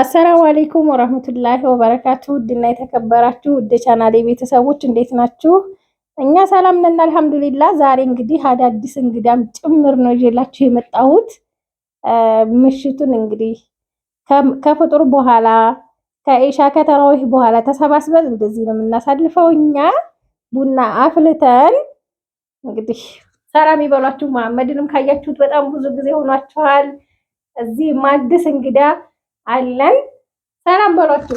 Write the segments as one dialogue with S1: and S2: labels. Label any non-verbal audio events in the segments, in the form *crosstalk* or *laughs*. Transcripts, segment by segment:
S1: አሰላሙ አሌይኩም ወረህመቱላሂ ወበረካቱ ውድና የተከበራችሁ ውድ ቻናሌ ቤተሰቦች እንዴት ናችሁ? እኛ ሰላም ነን አልሐምዱሊላ። ዛሬ እንግዲህ አዳዲስ እንግዳም ጭምር ነው ይዤላችሁ የመጣሁት። ምሽቱን እንግዲህ ከፍጡር በኋላ ከኢሻ ከተራዊህ በኋላ ተሰባስበን እንደዚህ ነው የምናሳልፈው። እኛ ቡና አፍልተን እንግዲህ ሰላም ይበሏችሁ። መሐመድንም ካያችሁት በጣም ብዙ ጊዜ ሆኗችኋል። እዚህም ማድስ እንግዳ አለን። ሰላም በሏችሁ።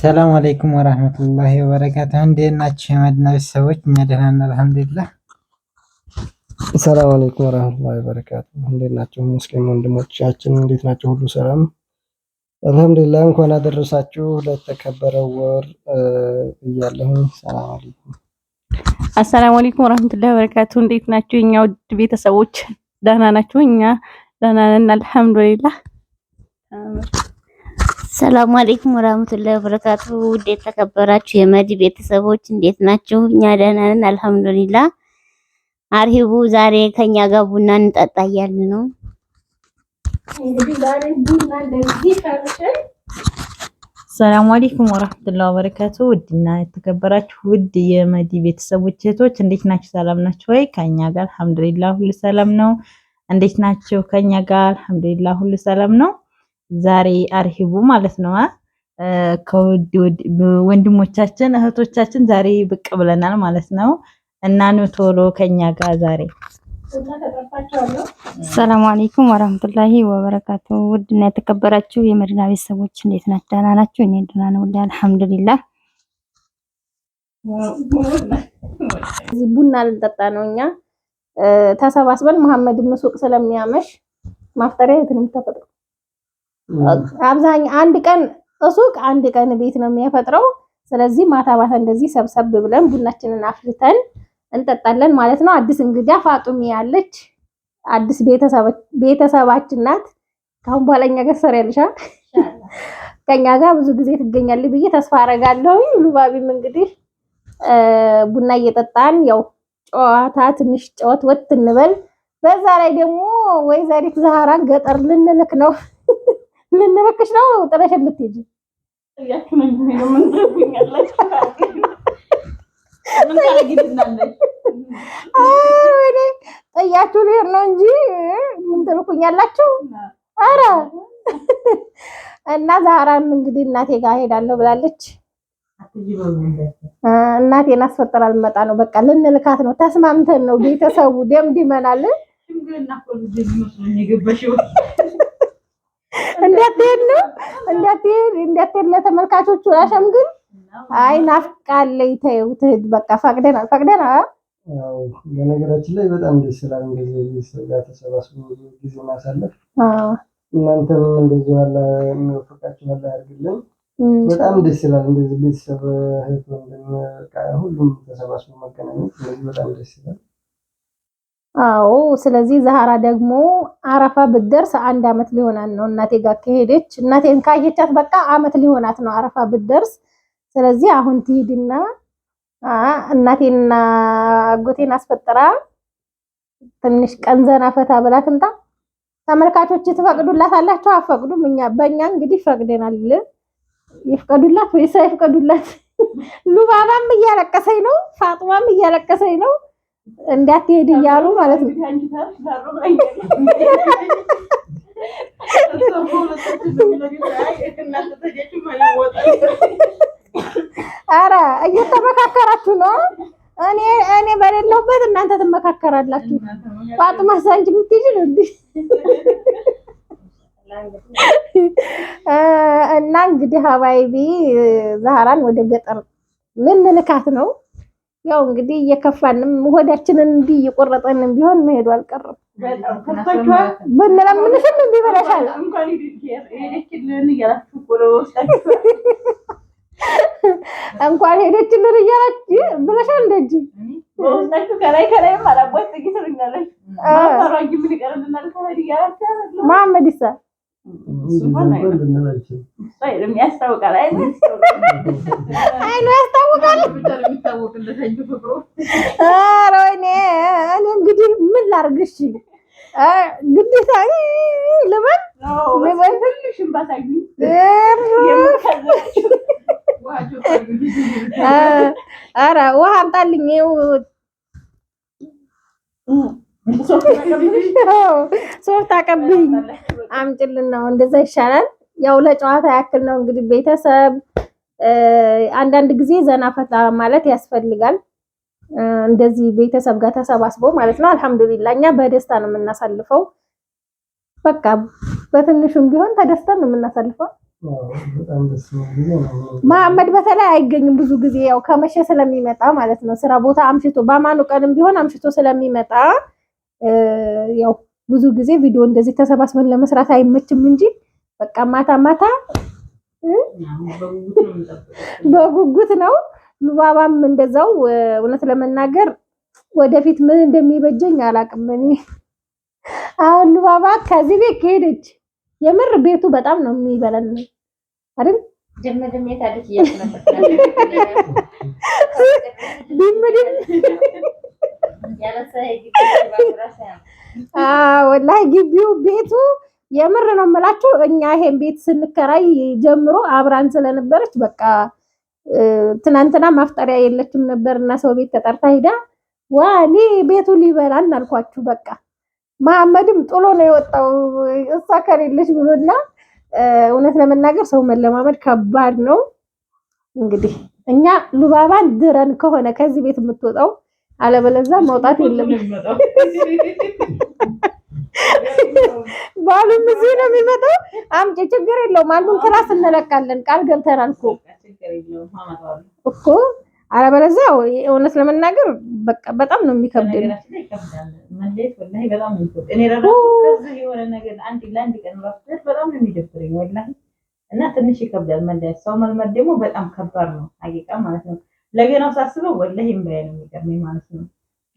S2: ሰላም አለይኩም ወራህመቱላሂ ወበረካቱ። እንዴት ናችሁ የመዲና ቤተሰቦች? እኛ ደህና ነን አልሐምዱሊላህ።
S3: ሰላም አለይኩም ወራህመቱላሂ ወበረካቱ። እንዴት ናችሁ ሙስሊም ወንድሞቻችን? እንዴት ናቸው? ሁሉ ሰላም አልሐምዱሊላህ። እንኳን አደረሳችሁ ለተከበረው ወር እያለሁኝ። ሰላም አለይኩም
S1: አሰላሙ አለይኩም ወራህመቱላሂ ወበረካቱ። እንዴት ናችሁ የኛ ውድ ቤተሰቦች? ደህና ናችሁ? እኛ ደህና ነን አልሐምዱሊላህ።
S4: ሰላም አለይኩም ወራህመቱላሂ ወበረካቱ። ውድ የተከበራችሁ የመዲ ቤተሰቦች እንዴት ናችሁ? እኛ ደህና ነን አልሐምዱሊላህ። አርሂቡ ዛሬ ከኛ ጋር ቡና እንጠጣ እያልን ነው
S1: ሰላሙ አለይኩም ወራህመቱላሂ ወበረካቱ። ውድና የተከበራችሁ ውድ የመዲ ቤተሰቦች እህቶች እንዴት ናችሁ? ሰላም ናችሁ ወይ? ከኛ ጋር አልሐምዱሊላህ ሁሉ ሰላም ነው። እንዴት ናችሁ? ከኛ ጋር አልሐምዱሊላ ሁሉ ሰላም ነው። ዛሬ አርሂቡ ማለት ነው ከውድ ወንድሞቻችን እህቶቻችን ዛሬ ብቅ ብለናል ማለት ነው። እና ኑ ቶሎ ከኛ ጋር ዛሬ። ሰላም አለይኩም ወራህመቱላሂ ወበረካቱ። ውድና የተከበራችሁ የመዲና ቤተሰቦች እንዴት ናችሁ? ደህና ናችሁ? እኔ ደህና ነው አልሐምዱሊላህ። ቡና ልንጠጣ ነው እኛ ተሰባስበን መሐመድም ሱቅ ስለሚያመሽ ማፍጠሪያ የትንም ተፈጥሮ አብዛኛው አንድ ቀን ሱቅ አንድ ቀን ቤት ነው የሚያፈጥረው። ስለዚህ ማታ ማታ እንደዚህ ሰብሰብ ብለን ቡናችንን አፍልተን እንጠጣለን ማለት ነው። አዲስ እንግዳ ፋጡሚ ያለች አዲስ ቤተሰባችን ናት። ካሁን በኋላ እኛ ጋር ከኛ ጋር ብዙ ጊዜ ትገኛለች ብዬ ተስፋ አረጋለሁ። ሉባቢም እንግዲህ ቡና እየጠጣን ያው ጨዋታ ትንሽ ጨወት ወጥ እንበል። በዛ ላይ ደግሞ ወይዘሪት ዛህራን ገጠር ልንልክ ነው *laughs* ልንልክሽ ነው ጥረሽ ልትሄጂ ጥያችሁ ልሄድ ነው እንጂ ምን ትልኩኛላችሁ? አረ *laughs* እና ዛህራን እንግዲህ እናቴ ጋር ሄዳለሁ ብላለች። እናቴን አስፈጥራ ልመጣ ነው። በቃ ልንልካት ነው። ተስማምተን ነው ቤተሰቡ ደምድመናል።
S5: እንዳትሄድ ነው እንዳትሄድ እንዳትሄድ ለተመልካቾቹ ግን
S1: አይ ናፍቃለኝ። ተይው ትሂድ። በቃ ፈቅደናል ፈቅደናል።
S3: በነገራችን ላይ በጣም ደስ ይላል እንደዚህ ቤተሰብ ጋር ተሰባስቦ ጊዜ ማሳለፍ። እናንተም እንደዚህ ያለ የሚወፍቃችሁ ያለ ያድርግልን። በጣም ደስ ይላል። እንደዚህ ቤተሰብ እህት ወንድም ሁሉም ተሰባስቦ መገናኘት እንደዚህ በጣም ደስ ይላል።
S1: አዎ። ስለዚህ ዛህራ ደግሞ አረፋ ብትደርስ አንድ አመት ሊሆናት ነው እናቴ ጋር ከሄደች እናቴን ካየቻት በቃ አመት ሊሆናት ነው አረፋ ብትደርስ። ስለዚህ አሁን ትሂድና እናቴና አጎቴን አስፈጥራ ትንሽ ቀን ዘና ፈታ ብላ ትምጣ። ተመልካቾች ትፈቅዱላታላችሁ? አፈቅዱም እኛ በእኛ እንግዲህ ፈቅደናል። ይፍቀዱላት ወይ ሳይፍቀዱላት *laughs* ሉባባም እያለቀሰኝ ነው፣ ፋጥማም እያለቀሰኝ ነው። እንዳትሄድ እያሉ ማለት ነው። አረ እየተመካከራችሁ ነው። እኔ እኔ በሌለሁበት እናንተ ትመካከራላችሁ። ፋጥማ ሳንጅ የምትይዥ ነው እንዴ? *laughs* እና እንግዲህ ሀባይቢ ዛህራን ወደ ገጠር ልካት ነው። ያው እንግዲህ እየከፋንም ሆዳችንን እንዲህ እየቆረጠንም ቢሆን መሄዱ አልቀርም። ብንለምንሽም እምቢ ብለሻል። እንኳን ሄደችልን እያላችሁ ብለሻል። እንደጅ
S5: አይኑ ያስታውቃል።
S1: ኧረ ወይኔ እኔ እንግዲህ ምን ላድርግ? እሺ ግዴታ ልበል ኧረ ውሃ አምጣልኝ። ሶፍት አቀብኝ አምጭልን ነው። እንደዛ ይሻላል። ያው ለጨዋታ ያክል ነው እንግዲህ ቤተሰብ አንዳንድ ጊዜ ዘና ፈታ ማለት ያስፈልጋል። እንደዚህ ቤተሰብ ጋር ተሰባስቦ ማለት ነው። አልሐምዱሊላህ እኛ በደስታ ነው የምናሳልፈው። በቃ በትንሹም ቢሆን ተደስተን ነው የምናሳልፈው። መሐመድ በተለይ አይገኝም ብዙ ጊዜ ያው ከመሸ ስለሚመጣ ማለት ነው ስራ ቦታ አምሽቶ በማኑ ቀንም ቢሆን አምሽቶ ስለሚመጣ ያው ብዙ ጊዜ ቪዲዮ እንደዚህ ተሰባስበን ለመስራት አይመችም እንጂ በቃ ማታ ማታ በጉጉት ነው። ንባባም እንደዛው እውነት ለመናገር ወደፊት ምን እንደሚበጀኝ አላቅም። እኔ አሁን ንባባ ከዚህ ቤት ከሄደች የምር ቤቱ በጣም ነው የሚበለን አይደል? ድም ድም ወላሂ ግቢው ቤቱ የምር ነው የምላችሁ። እኛ ይሄን ቤት ስንከራይ ጀምሮ አብራን ስለነበረች በቃ ትናንትና ማፍጠሪያ የለችም ነበር እና ሰው ቤት ተጠርታ ሂዳ ዋኔ ቤቱ ሊበላን አልኳችሁ። በቃ መሐመድም ጥሎ ነው የወጣው እሷ ከሌለች ብሎና፣ እውነት ለመናገር ሰው መለማመድ ከባድ ነው። እንግዲህ እኛ ሉባባን ድረን ከሆነ ከዚህ ቤት የምትወጣው አለበለዛ መውጣት የለም። ባሉም እዚህ ነው የሚመጣው። አምጪ፣ ችግር የለውም አንዱን ክላስ እንለቃለን። ቃል ገብተናል እኮ እኮ አለበለዛ እውነት ለመናገር በጣም ነው የሚከብደኝ። እና ትንሽ ይከብዳል መለያየት። ሰው መልመድ ደግሞ በጣም ከባድ ነው። ሀቂቃ ማለት ነው ለገናው ሳስበው ወላሂ እምባዬ ነው የሚቀርበኝ ማለት ነው።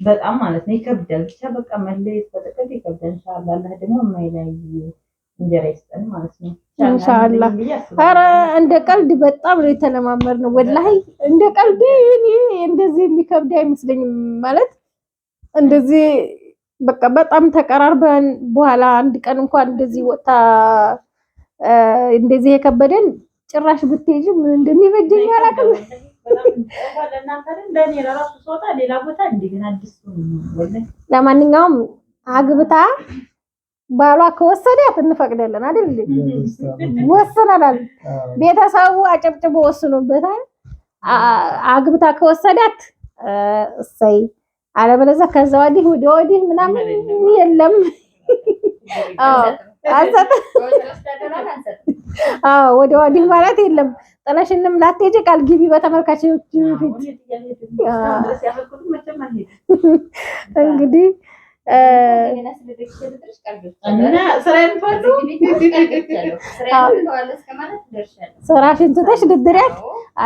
S1: በጣም ማለት ነው ይከብዳል። ብቻ በቃ መለየት በጥቅል ይከብዳል። ኢንሻአላህ አላህ ደግሞ የማይለያይ እንጀራ ይስጠን ማለት ነው። ኢንሻአላህ ኧረ እንደ ቀልድ በጣም ነው የተለማመር ነው ወላሂ እንደ ቀልድ እኔ እንደዚህ የሚከብድ አይመስለኝም ማለት እንደዚህ በቃ በጣም ተቀራርበን በኋላ አንድ ቀን እንኳን እንደዚህ ወጣ እንደዚህ የከበደን ጭራሽ ብትሄጂ ምን እንደሚበጀኝ አላውቅም። ለማንኛውም አግብታ ባሏ ከወሰዳት እንፈቅደለን አይደል? ወስነናል። ቤተሰቡ አጨብጭቦ ወስኖበታል። አግብታ ከወሰዳት እሰይ፣ አለበለዚያ ከዛ ወዲህ ወዲህ ምናምን የለም። አዎ አዎ ወደ ወዲህ ማለት የለም። ጥለሽንም ላትሄጂ ቃል ግቢ በተመልካቾች ፊት። እንግዲህ ስራሽን ትተሽ ድድሪያት።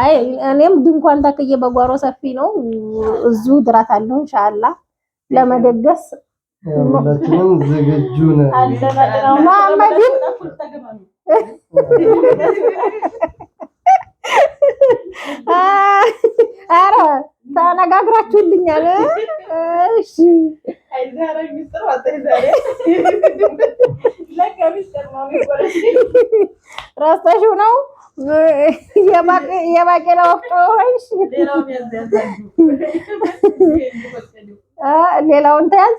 S1: አይ እኔም ድንኳን ታክዬ በጓሮ ሰፊ ነው እዙ ድራት አለሁ እንሻላ ለመደገስ ሁላችንም ዝግጁ ነን። መሐመድን ኧረ ተነጋግራችሁልኛል። እሺ ረስተሽው ነው የባቄላ ወፍጮ ሆይሽ ሌላውን ተያዝ።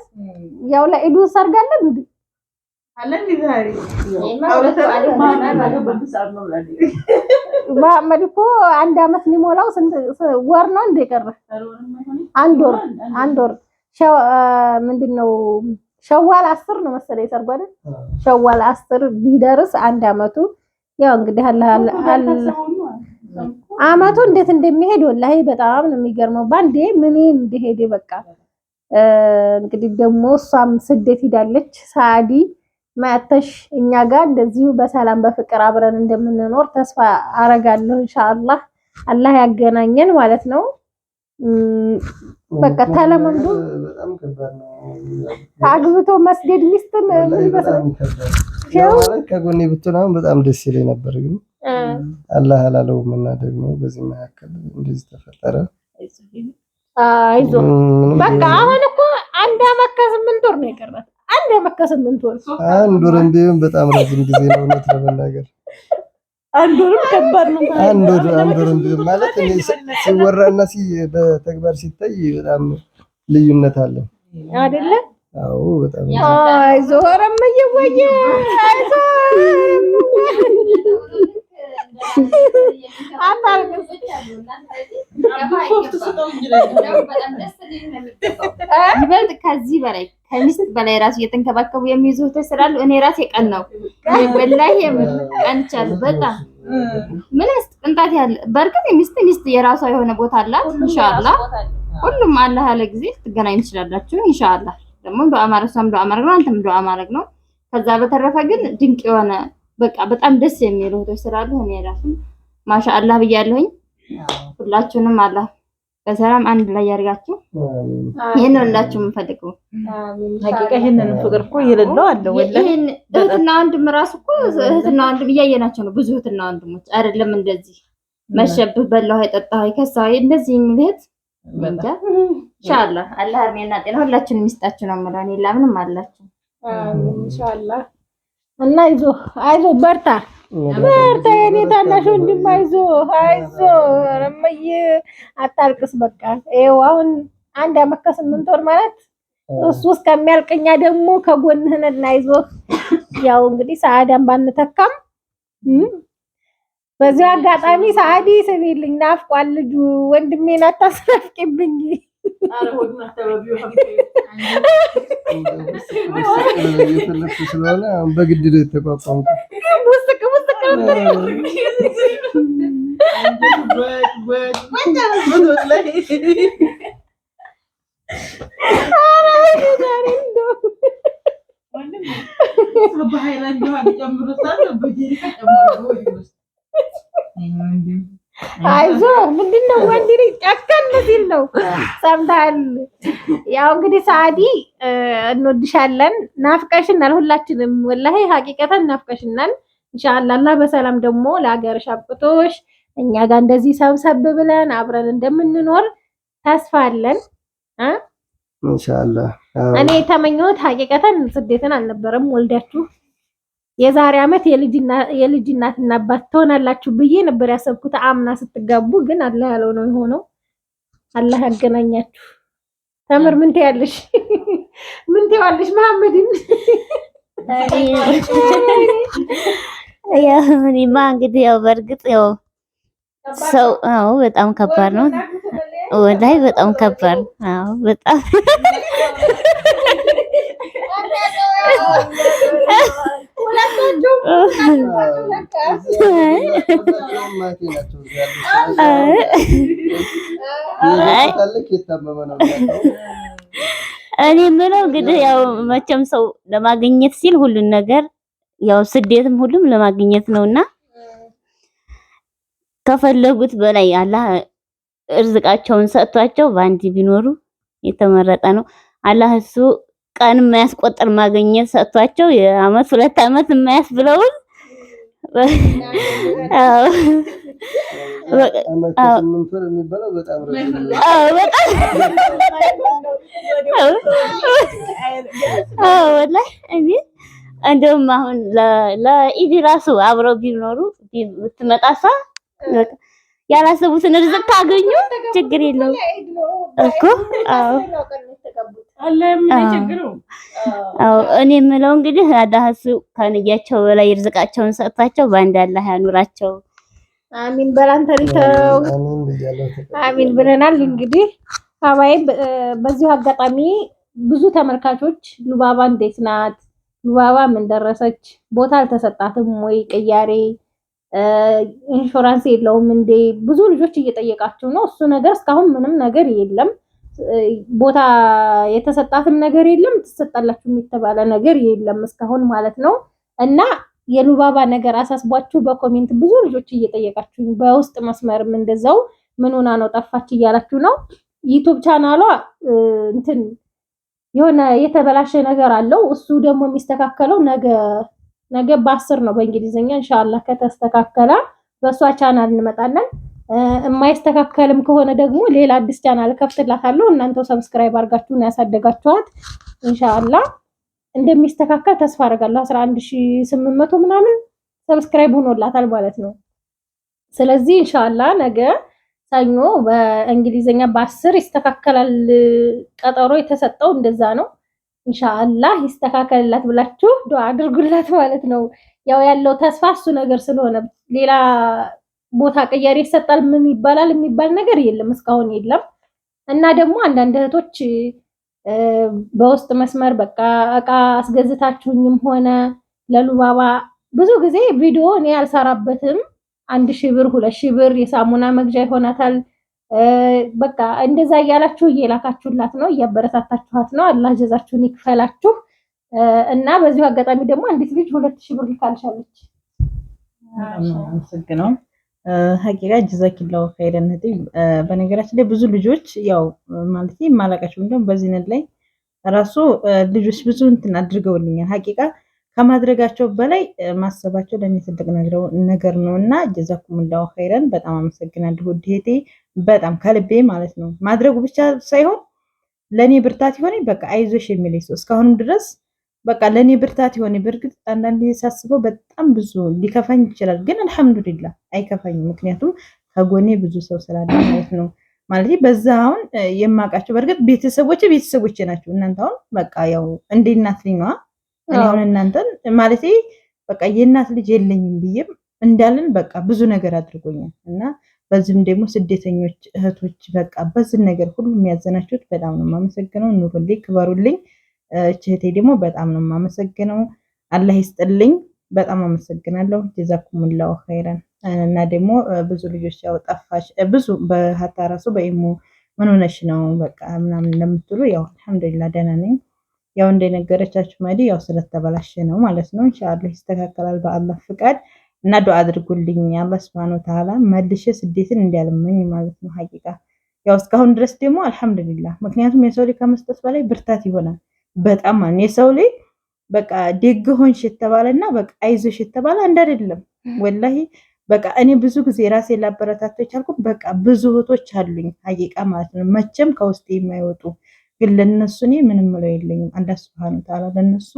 S1: ያው ለኢዱ ሰርጋለን እንዴ? መሐመድ እኮ አንድ አመት ሊሞላው ስንት ወር ነው እንደ ቀረ? አንድ ወር አንድ ወር ምንድን ነው ሸዋል አስር ነው መሰለኝ ሰርጓለን። ሸዋል አስር ቢደርስ አንድ አመቱ ያው እንግዲህ አመቱ እንዴት እንደሚሄድ ወላሂ በጣም ነው የሚገርመው። ባንዴ ምን እንደሄደ በቃ እንግዲህ ደግሞ እሷም ስደት ሂዳለች። ሳዲ ማተሽ እኛ ጋር እንደዚሁ በሰላም በፍቅር አብረን እንደምንኖር ተስፋ አረጋለሁ። ኢንሻአላህ አላህ ያገናኘን ማለት ነው። በቃ ተለማምዶ አግብቶ መስገድ ሚስትን
S3: ምን ከጎኔ ብትሆን በጣም ደስ ይለኝ ነበር፣ ግን አላህ አላለውም እና ደግሞ በዚህ መካከል እንደዚህ ተፈጠረ።
S1: አይዞ በቃ አሁን እኮ አንድ ዓመት ከስምንት ወር ነው የቀራት። አንድ ዓመት ከስምንት ወር
S3: አንድ ወር እንዲሁም በጣም ረጅም ጊዜ ነው እውነት ለመናገር
S1: አንድ ወርም ከባድ ነው።
S3: አንድ ወር አንድ ወር ማለት ሲወራና በተግባር ሲታይ በጣም ልዩነት አለ አይደለ? አዎ በጣም
S1: አይ አይዞህም፣ እየወየ አይዞህም።
S4: ይበልጥ ከዚህ በላይ ከሚስት በላይ ራሱ እየተንከባከቡ የሚይዙት ስላሉ እኔ ራሴ ቀን ነው ወላሂ ቀንቻለሁ። በጣም ምን ስ ቅንጣት ያለ በእርግጥ የሚስት ሚስት የራሷ የሆነ ቦታ አላት። ኢንሻአላህ ሁሉም አላህ ያለ ጊዜ ትገናኝ ትችላላችሁ። ኢንሻአላህ ደግሞ ዱዓ ማድረግ እሷም ዱአ ማድረግ ነው፣ አንተም ዱዓ ማድረግ ነው። ከዛ በተረፈ ግን ድንቅ የሆነ በቃ በጣም ደስ የሚሉ እህቶች ስላሉ እኔ ራሱ ማሻአላህ ብያለሁኝ። ሁላችሁንም አላህ በሰላም አንድ ላይ ያርጋችሁ ይሄን ነው እንዳችሁ የምፈልገው።
S1: ሐቂቃ ይሄንን ፍቅር እኮ የሌለው አለ ወላሂ። እህትና ወንድም ራሱ እኮ እህትና ወንድም እያየናቸው ነው። ብዙ እህትና ወንድሞች አይደለም እንደዚህ መሸብህ፣ በላሁ፣ የጠጣሁ፣ የከሳሁ እንደዚህ የሚል እህት እንጃ። ኢንሻአላህ አላህ እድሜና ጤና ሁላችንም ይስጣችሁ ነው የምለው። እኔ ላምንም አላችሁ ኢንሻአላህ እና ይዞ አይዞ በርታ በርታ የኔ ታናሽ ወንድም አይዞ አይዞ ረመዬ አታልቅስ። በቃ ይኸው አሁን አንድ አመት ከስምንት ወር ማለት እሱ እስከሚያልቅኛ ደግሞ ከጎንህ ነን። አይዞ ያው እንግዲህ ሰዓዳን ባንተካም በዚሁ አጋጣሚ ሰዓዲ ስሚልኝ፣ ናፍቋል ልጁ ወንድሜን አታስረፍቂብኝ። ስለሆነ በግድ ነው የተቋቋምኩት። አይዞ ምንድን ነው ወንድ ልጅ ጨከን ሲል ነው። ሰምታል። ያው እንግዲህ ሳዲ እንወድሻለን፣ ናፍቀሽናል። ሁላችንም ወላሂ ሀቂቀተን ናፍቀሽናል። ኢንሻአላህ በሰላም ደግሞ ለሀገርሽ አብቅቶሽ እኛ ጋር እንደዚህ ሰብሰብ ብለን አብረን እንደምንኖር ተስፋ አለን። ኢንሻአላህ እኔ የተመኘሁት ሀቂቀተን ስደትን አልነበረም ወልዳችሁ የዛሬ ዓመት የልጅ እናትና አባት ትሆናላችሁ ብዬ ነበር ያሰብኩት አምና ስትጋቡ፣ ግን አላህ ያለው ነው የሆነው። አላህ ያገናኛችሁ። ተምር ምን ትያለሽ? *laughs* ምን ትያለሽ? መሐመድን
S4: እኔማ እንግዲህ ያው በእርግጥ ያው ሰው አዎ፣ በጣም ከባድ ነው ወላሂ፣ በጣም ከባድ አዎ፣ በጣም *laughs* እኔ ምለው እንግዲህ ያው መቼም ሰው ለማግኘት ሲል ሁሉን ነገር ያው ስደትም ሁሉም ለማግኘት ነውና ከፈለጉት በላይ አላህ እርዝቃቸውን ሰጥቷቸው በአንድ ቢኖሩ የተመረጠ ነው። አላህ እሱ ቀን የማያስቆጥር ማግኘት ሰጥቷቸው የአመት ሁለት አመት የማያስብለውን ወላሂ እኔ እንደውም አሁን ለኢድ ራሱ አብረው ቢኖሩ ብትመጣሳ ያላሰቡትን ርዝቅ ታገኙ ችግር የለውም እኮ። አዎ እኔ የምለው እንግዲህ አላህ ከንያቸው በላይ ርዝቃቸውን ሰጥቷቸው በአንድ አላህ ያኑራቸው።
S1: አሚን በላንተ ሪተው አሚን ብለናል። እንግዲህ አባይ በዚሁ አጋጣሚ ብዙ ተመልካቾች ሉባባ እንዴት ናት ሉባባ ምን ደረሰች ቦታ አልተሰጣትም ወይ ቅያሬ ኢንሹራንስ የለውም እንዴ? ብዙ ልጆች እየጠየቃችሁ ነው። እሱ ነገር እስካሁን ምንም ነገር የለም። ቦታ የተሰጣትም ነገር የለም። ትሰጣላችሁ የተባለ ነገር የለም እስካሁን ማለት ነው። እና የሉባባ ነገር አሳስቧችሁ በኮሜንት ብዙ ልጆች እየጠየቃችሁ በውስጥ መስመርም እንደዛው ምንና ነው ጠፋች እያላችሁ ነው። ዩቱብ ቻናሏ እንትን የሆነ የተበላሸ ነገር አለው። እሱ ደግሞ የሚስተካከለው ነገ ነገ በአስር ነው በእንግሊዝኛ እንሻላ ከተስተካከለ በእሷ ቻናል እንመጣለን። የማይስተካከልም ከሆነ ደግሞ ሌላ አዲስ ቻናል ከፍትላታለሁ። እናንተው ሰብስክራይብ አድርጋችሁን ያሳደጋችኋት እንሻላ እንደሚስተካከል ተስፋ አደርጋለሁ። 11800 ምናምን ሰብስክራይብ ሆኖላታል ማለት ነው። ስለዚህ እንሻላ ነገ ሰኞ በእንግሊዝኛ በአስር ይስተካከላል። ቀጠሮ የተሰጠው እንደዛ ነው። ኢንሻአላህ ይስተካከልላት ብላችሁ ዱዓ አድርጉላት ማለት ነው። ያው ያለው ተስፋ እሱ ነገር ስለሆነ ሌላ ቦታ ቀያሪ ይሰጣል ምን ይባላል የሚባል ነገር የለም እስካሁን የለም። እና ደግሞ አንዳንድ እህቶች በውስጥ መስመር በቃ እቃ አስገዝታችሁኝም ሆነ ለሉባባ ብዙ ጊዜ ቪዲዮ እኔ አልሰራበትም። አንድ ሺህ ብር ሁለት ሺህ ብር የሳሙና መግዣ ይሆናታል በቃ እንደዛ እያላችሁ እየላካችሁላት ነው፣ እያበረታታችኋት ነው። አላህ ጀዛችሁን ይክፈላችሁ። እና በዚሁ አጋጣሚ ደግሞ አንዲት ልጅ ሁለት ሺህ ብር ልካልሻለች። አመሰግነው ሀቂቃ ጀዛኪላሁ ኸይረን። በነገራችን ላይ ብዙ ልጆች ያው ማለት ማላቃቸው እንደም በዚህነት ላይ ራሱ ልጆች ብዙ እንትን አድርገውልኛል ሀቂቃ ከማድረጋቸው በላይ ማሰባቸው ለእኔ ትልቅ ነገር ነው እና ጀዛኩሙላሁ ኸይረን በጣም አመሰግናለሁ ውዴቴ፣ በጣም ከልቤ ማለት ነው። ማድረጉ ብቻ ሳይሆን ለእኔ ብርታት የሆነ በቃ አይዞሽ የሚለኝ ሰው እስካሁንም ድረስ በቃ ለእኔ ብርታት የሆነ በእርግጥ አንዳንዴ ሳስበው በጣም ብዙ ሊከፋኝ ይችላል፣ ግን አልሐምዱሊላ አይከፋኝም። ምክንያቱም ከጎኔ ብዙ ሰው ስላለ ማለት ነው። ማለት በዛ አሁን የማውቃቸው በእርግጥ ቤተሰቦች ቤተሰቦች ናቸው። እናንተ አሁን በቃ ያው እንደ እናት ነዋ አሁን እናንተን ማለት በቃ የእናት ልጅ የለኝም ብዬም እንዳልን በቃ ብዙ ነገር አድርጎኛል እና በዚህም ደግሞ ስደተኞች እህቶች በቃ በዚህ ነገር ሁሉ የሚያዘናችሁት በጣም ነው የማመሰግነው። ኑሩልኝ፣ ክበሩልኝ። እህቴ ደግሞ በጣም ነው የማመሰግነው። አላህ ይስጥልኝ። በጣም አመሰግናለሁ። ጀዛኩሙላሁ ኸይረን። እና ደግሞ ብዙ ልጆች ያው ጠፋሽ ብዙ በሀታ ራሱ በኢሞ ምን ሆነሽ ነው በቃ ምናምን ለምትሉ ያው አልሐምዱሊላህ ደህና ነኝ። ያው እንደነገረቻችሁ ማዲ ያው ስለተበላሸ ነው ማለት ነው። ኢንሻአላህ ይስተካከላል በአላህ ፍቃድ እና ዱአ አድርጉልኝ አላህ ሱብሃነሁ ወተዓላ መልሼ ስደትን እንዲያልመኝ ማለት ነው። ሀቂቃ ያው እስካሁን ድረስ ደግሞ አልሐምዱሊላህ። ምክንያቱም የሰው ልጅ ከመስጠት በላይ ብርታት ይሆናል። በጣም ማን የሰው ልጅ በቃ ደግ ሆንሽ የተባለና በቃ አይዞሽ የተባለ አንድ አይደለም። ወላሂ በቃ እኔ ብዙ ጊዜ ራሴን ላበረታታ የቻልኩት በቃ ብዙ እህቶች አሉኝ ሀቂቃ ማለት ነው። መቼም ከውስጥ የማይወጡ ግን ለነሱ እኔ ምንም ምለው የለኝም። አላህ ሱብሃነሁ ወተዓላ ለነሱ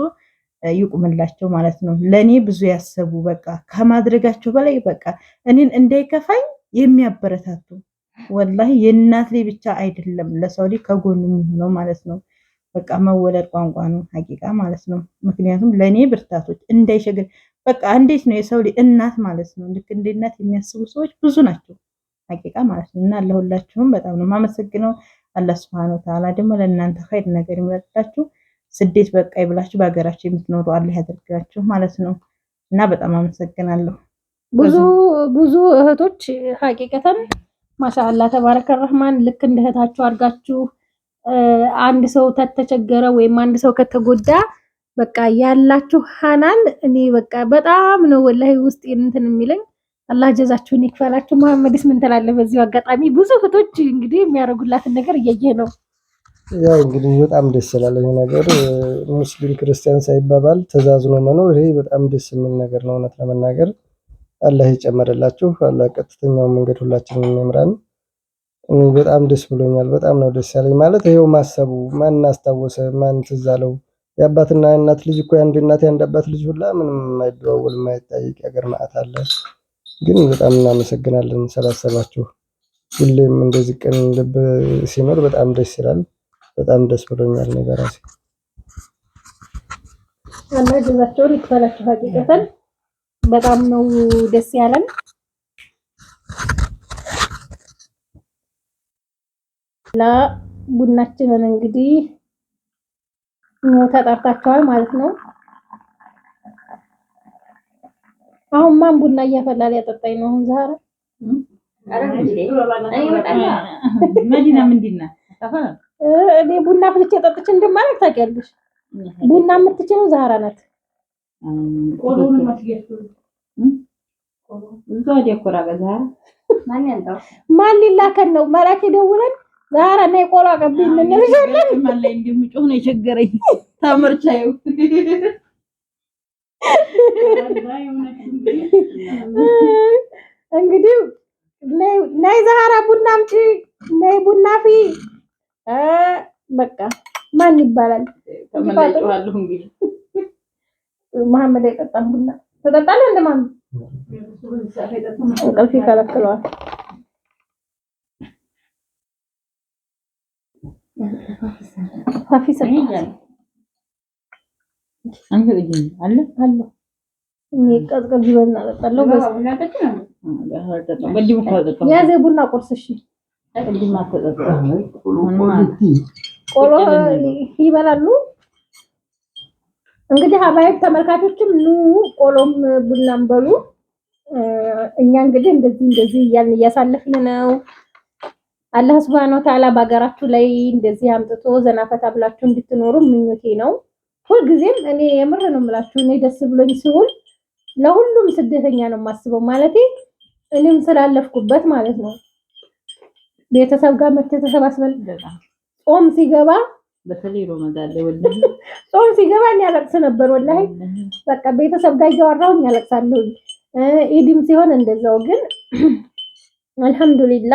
S1: ይቁምላቸው ማለት ነው። ለእኔ ብዙ ያሰቡ በቃ ከማድረጋቸው በላይ በቃ እኔን እንዳይከፋኝ የሚያበረታቱ ወላሂ የእናት ላይ ብቻ አይደለም ለሰው ላይ ከጎኑ የሚሆነው ማለት ነው። በቃ መወለድ ቋንቋ ነው ሀቂቃ ማለት ነው። ምክንያቱም ለእኔ ብርታቶች እንዳይሸግር በቃ እንዴት ነው የሰው ላይ እናት ማለት ነው። ልክ እንደ እናት የሚያስቡ ሰዎች ብዙ ናቸው ሀቂቃ ማለት ነው። እና ለሁላችሁም በጣም ነው የማመሰግነው። አላህ ስብሐነ ወተዓላ ደግሞ ለእናንተ ኸይር ነገር ይምረጥላችሁ። ስደት በቃ ይብላችሁ፣ በሀገራችሁ የምትኖሩ አላህ ያደርጋችሁ ማለት ነው። እና በጣም አመሰግናለሁ። ብዙ ብዙ እህቶች ሀቂቀተን ማሻአላ ተባረከ ረህማን ልክ እንደ እህታችሁ አድርጋችሁ አንድ ሰው ከተቸገረ ወይም አንድ ሰው ከተጎዳ በቃ ያላችሁ ሀናን እኔ በቃ በጣም ነው ወላሂ ውስጥ እንትን የሚለኝ አላህ ጀዛችሁን ይክፈላችሁ። መሐመድስ ምን ትላለህ? በዚሁ አጋጣሚ ብዙ እህቶች እንግዲህ የሚያደርጉላትን ነገር እያየ ነው።
S3: ያው እንግዲህ በጣም ደስ ይላል ይሄ ነገር፣ ሙስሊም ክርስቲያን ሳይባባል ተዛዝኖ መኖር ይሄ በጣም ደስ የሚል ነገር ነው። እውነት ለመናገር አላህ ይጨመርላችሁ። አላህ ቀጥተኛው መንገድ ሁላችንም ይምራን። በጣም ደስ ብሎኛል። በጣም ነው ደስ ያለኝ። ማለት ይሄው ማሰቡ ማን አስታወሰ ማን ትዝ አለው። የአባትና እናት ልጅ እኮ የአንድ እናት የአንድ አባት ልጅ ሁላ ምንም የማይደዋወል የማይጠይቅ ያገር ማዕት አለ ግን በጣም እናመሰግናለን ስላሰባችሁ። ሁሌም እንደዚህ ቀን ልብ ሲኖር በጣም ደስ ይላል። በጣም ደስ ብሎኛል። እኔ በራሴ
S1: አላህ ጀዛቸውን ይክፈላችሁ። ሀቂቀተን በጣም ነው ደስ ያለን። ላ ቡናችንን እንግዲህ ነው ተጠርታችኋል ማለት ነው። አሁን ማን ቡና እያፈላ ሊያጠጣኝ ነው? አሁን ዛሬ
S5: መዲና ምንድን ናት?
S1: እኔ ቡና ፍልቼ ጠጥቼ እንደማለት ታውቂያለሽ። ቡና የምትችለው ዛራ ናት። ማን ሊላከን ነው? መላክ ደውለን ዛራ እና የቆሎ አቀብኝ
S5: እንልሻለን። ማን ላይ እንደምጮህ ነው የቸገረኝ ታምርቻዩ
S1: እንግዲህ ናይ ዛሃራ ቡና አምጪ፣ ናይ ቡና ፊ በቃ ማን ይባላል? መሐመድ አይጠጣም ቡና። ተጠጣለ እንደ መሐመድ እንቅልፍ ይከለክለዋል።
S5: ፋፊ ሰ አንገለኝ አለ አለ
S1: ቀዝቀዝ ይበልና ጠጣለው። ያዘ ቡና ቁርስ እሺ፣ ቆሎ ይበላሉ። እንግዲህ ሀባይ ተመልካቾችም ኑ ቆሎም ቡናም በሉ። እኛ እንግዲህ እንደዚህ እንደዚህ እያልን እያሳለፍን ነው። አላህ ሱብሃነሁ ወተዓላ በሀገራችሁ ላይ እንደዚህ አምጥቶ ዘናፈታ ብላችሁ እንድትኖሩ ምኞቴ ነው። ሁልጊዜም እኔ የምር ነው የምላችሁ፣ እኔ ደስ ብሎኝ ሲውል ለሁሉም ስደተኛ ነው የማስበው። ማለት እኔም ስላለፍኩበት ማለት ነው። ቤተሰብ ጋር መተሰብ አስበልጥ ጾም ሲገባ
S5: በተለይ ሮመዳን *laughs*
S1: ጾም ሲገባ እኔ ያለቅስ ነበር። ወላሂ በቃ ቤተሰብ ጋር እያወራሁኝ አለቅሳለሁ። ኢድም ሲሆን እንደዛው። ግን *clears throat* አልሐምዱሊላ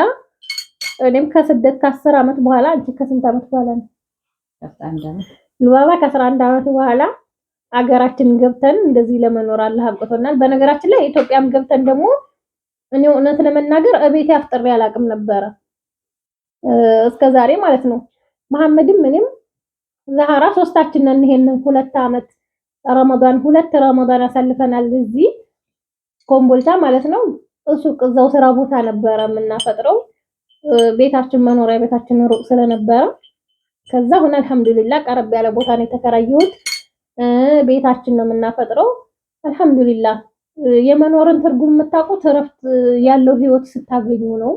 S1: እኔም ከስደት ከአስር ዓመት በኋላ አንቺ ከስንት ዓመት በኋላ ነው? ልባባ ከአስራ አንድ ዓመት በኋላ አገራችን ገብተን እንደዚህ ለመኖር አላህ አብቅቶናል። በነገራችን ላይ ኢትዮጵያም ገብተን ደግሞ እኔ እውነት ለመናገር እቤቴ አፍጥሬ አላቅም ነበረ እስከ ዛሬ ማለት ነው። መሐመድም እኔም ዛሃራ ነን። ይሄንን ሁለት ዓመት ረመዳን ሁለት ረመዳን አሳልፈናል እዚህ ኮምቦልቻ ማለት ነው። እሱ ቅዛው ስራ ቦታ ነበረ የምናፈጥረው ቤታችን መኖሪያ ቤታችን ሩቅ ስለነበረ ከዛ ሁን አልሐምዱሊላ ቀረብ ያለ ቦታ ነው የተከራየሁት። ቤታችን ነው የምናፈጥረው። አልሐምዱሊላ የመኖርን ትርጉም የምታውቁት እረፍት ያለው ህይወት ስታገኙ ነው።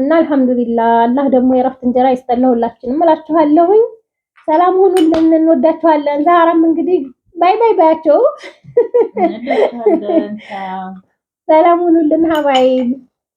S1: እና አልሐምዱሊላ አላህ ደግሞ የእረፍት እንጀራ ይስጠላሁላችንም እላችኋለሁኝ። ሰላም ሁኑልን፣ እንወዳችኋለን። ዛራም እንግዲህ ባይ ባይ ባያቸው ሰላም ሁኑልን ሀባይ